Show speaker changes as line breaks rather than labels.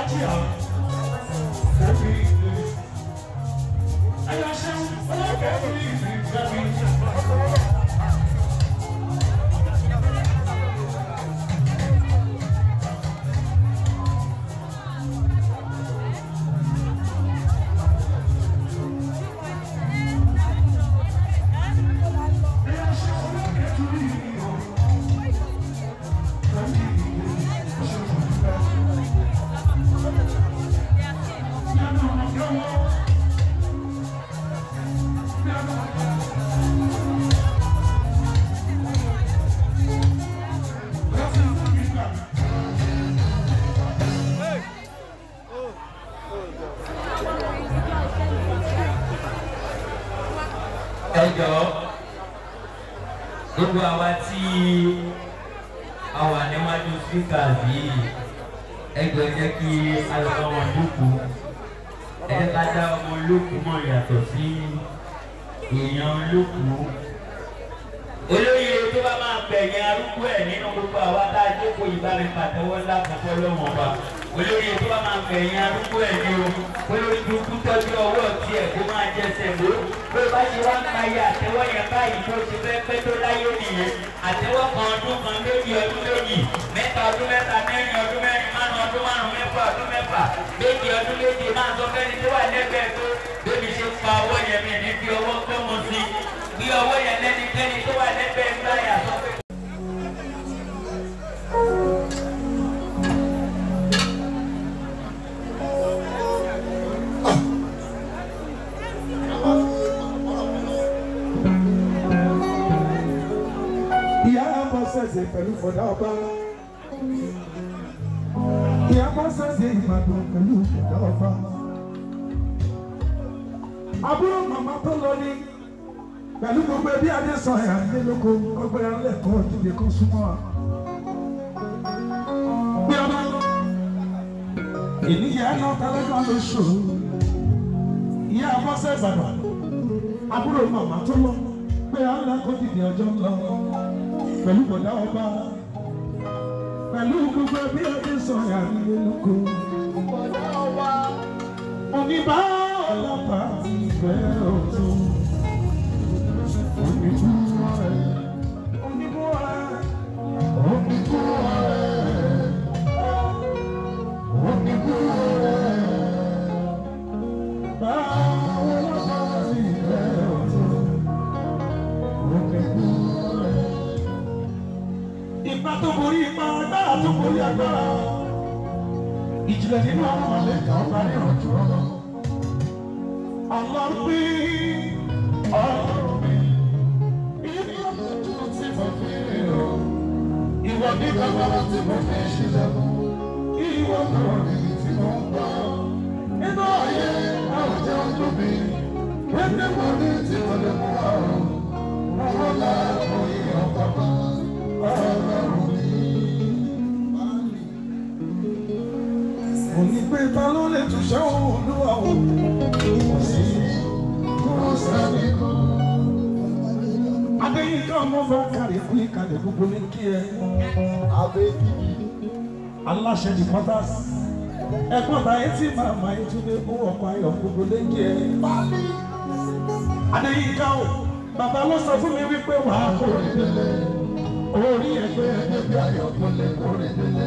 Thank you. ẹjọ́ gbogbo àwa tí a wà níwájú spíkà yìí ẹjọ́ jẹ́ kí alùpùpù wọn dúkùú ẹ̀jẹ̀ ká dá ọmọ olókùú mọ̀ yàtọ̀ sí èèyàn olókùú
olóyè tó bá máa gbẹ̀yìn arúgbó ẹ̀ nínú gbogbo àwa tá a jókòó ìbámi pàtẹ́wọ́ ńlá kọ́kọ́ wa olóyè tó bá máa gbẹ̀yìn arúgbó ẹ̀ ní o olórí dúkú tọ́jú ọwọ́ tiẹ̀ kó máa jẹsẹ̀ lórí
bá ti wá ń pa yẹn báyìí
tó ti fẹ́ pẹ́ tó láyé nìyẹn àtẹ́wọ́ kan ọdún kan méjì ọdún méjì mẹ́ta ọdún mẹ́ta mẹ́rin ọdún mẹ́rin márùn ọdún márùn mẹ́fà ọdún mẹ́fà méjì ọdún méjì má sẹ̀sẹ̀ pẹ̀lú fọ̀dá ọba. Ìyá máa sẹ̀sẹ̀ Ìbàdàn pẹ̀lú fọ̀dá ọba. Àbúrò màmá tó lọ ní pẹ̀lú gbogbo ẹbí Adésanyà nílòkó gbogbo ẹran lẹ́kọ̀ọ́ ìdílé kan súnmọ́ wa. Bí ọba ìníyà ẹ̀ náà tẹ́lẹ̀kan ló ṣòro. Ìyá Abọ́sẹ̀ Ìbàdàn àbúrò màmá tó lọ pé àwọn ẹ̀kọ́ dìde ọjọ́ ńlá pẹ̀lú bọ̀dá ọba pẹ̀lú gbogbo bí ẹbí sọ̀rọ̀ àríyé lóko. bọ̀dá ọba oníbà ọlọ́pàá ti fẹ́ ọ̀tún
oníbúwọ̀ rẹ̀ oníbúwọ̀ rẹ̀ oníbúwọ̀ rẹ̀ oníbúwọ̀ rẹ̀ báwo lọ́pàá ti fẹ́
ọ̀tún oníbúwọ̀ rẹ̀ ipa tó borí ipa agbára tó borí agbára ìjìnlẹ̀ nínú àwọn màlẹ́kà
ọba ní ìrànjú ọlọ́
ọlọ́pí ọlọ́run mi
ìlú ojú tí mo fi rìn o ìwọ ní gbàgbọ́rọ̀ tí mo fi ṣílẹ̀ mú ìwọ náà rí tí mo ń gbọ́ nínú ayé àwùjọ ọdún mi wẹ́n tí mo ní tí mo lè mú.
pé ta ló lè túṣẹ́ olúwa o. Adéyínká ọmọba kàrí fún ìkàlẹ̀ gbogbo ní kí ẹ. Aláṣẹ ní pátás. Ẹ̀gbọ́n ta etí màmá ìtúndé owó ọkọ̀ ayọ̀ gbogbo ní kí ẹ. Adéyínká o, bàbá ló sọ fún mi wípé wàá kò rí délé. ẹgbẹ́ ẹgbẹ́ ayọ̀ kò lè kò rí délé.